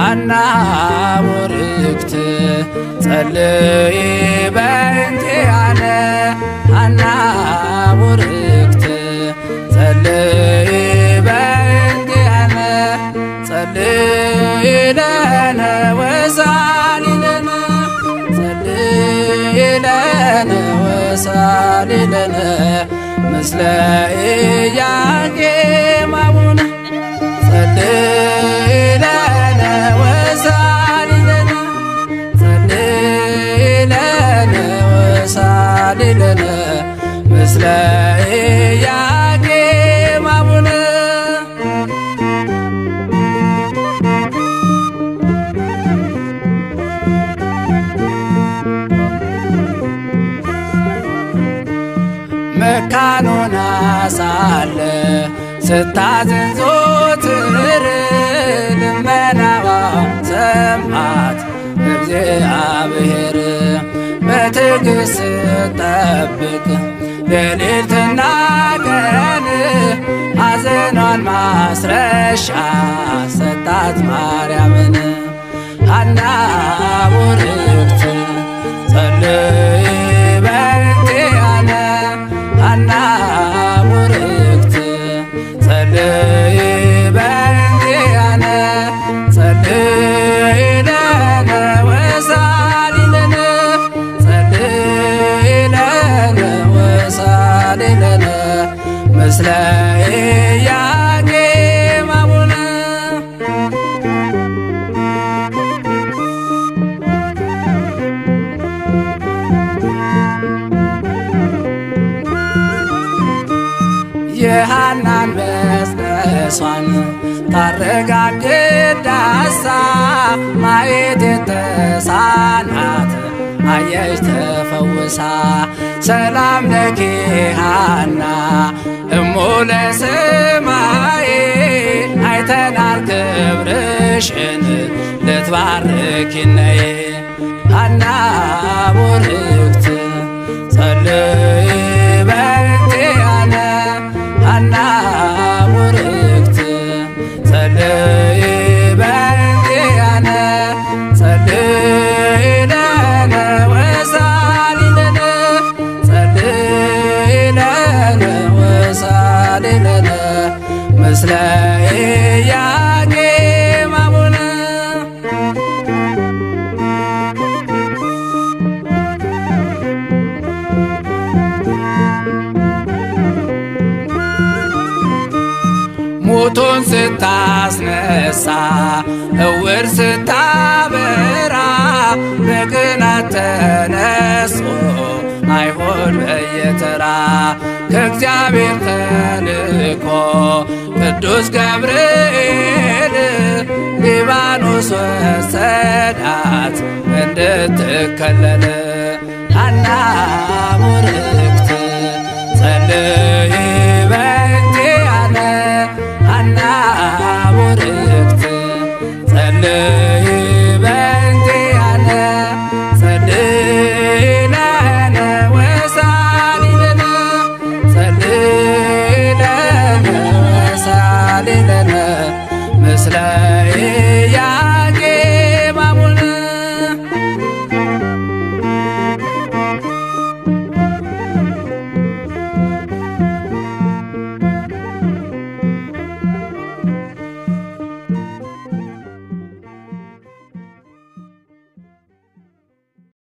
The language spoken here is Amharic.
ሃና ውርክት ጸልይ በእንቲ አነ ሃና ውርክት ጸልይ በእንቲ አነ ጸልይ ለነ ወሳሊለነ ጸልይ ለነ ወሳሊለነ ምስለ ኢያቄም አቡነ ጸልይ ያድነን ምስለ ኢያቄም አቡነ ሳለ ሰማት እግዚአብሔር በትዕግስት ጠብቅ በሌትና ቀን አዘኗን ማስረሻ ሰጣት ማርያምን አና ውርክት ጸልይ የሃናን በስበሷን ታረጋግድ ዳሳ ማየት የተሳናት አየች ተፈውሳ ሰላም ለኪ ሃና እሞ ለሰማዬ አይተናል ክብርሽን ልትባርኪነይ ሃና ሞቶን ስታስነሳ እውር ስታበራ በቅናት ተነስቶ አይሆን በየተራ ከእግዚአብሔር ተልኮ ቅዱስ ገብርኤል ሊባኖስ ወሰዳት እንድትከለል አናሙር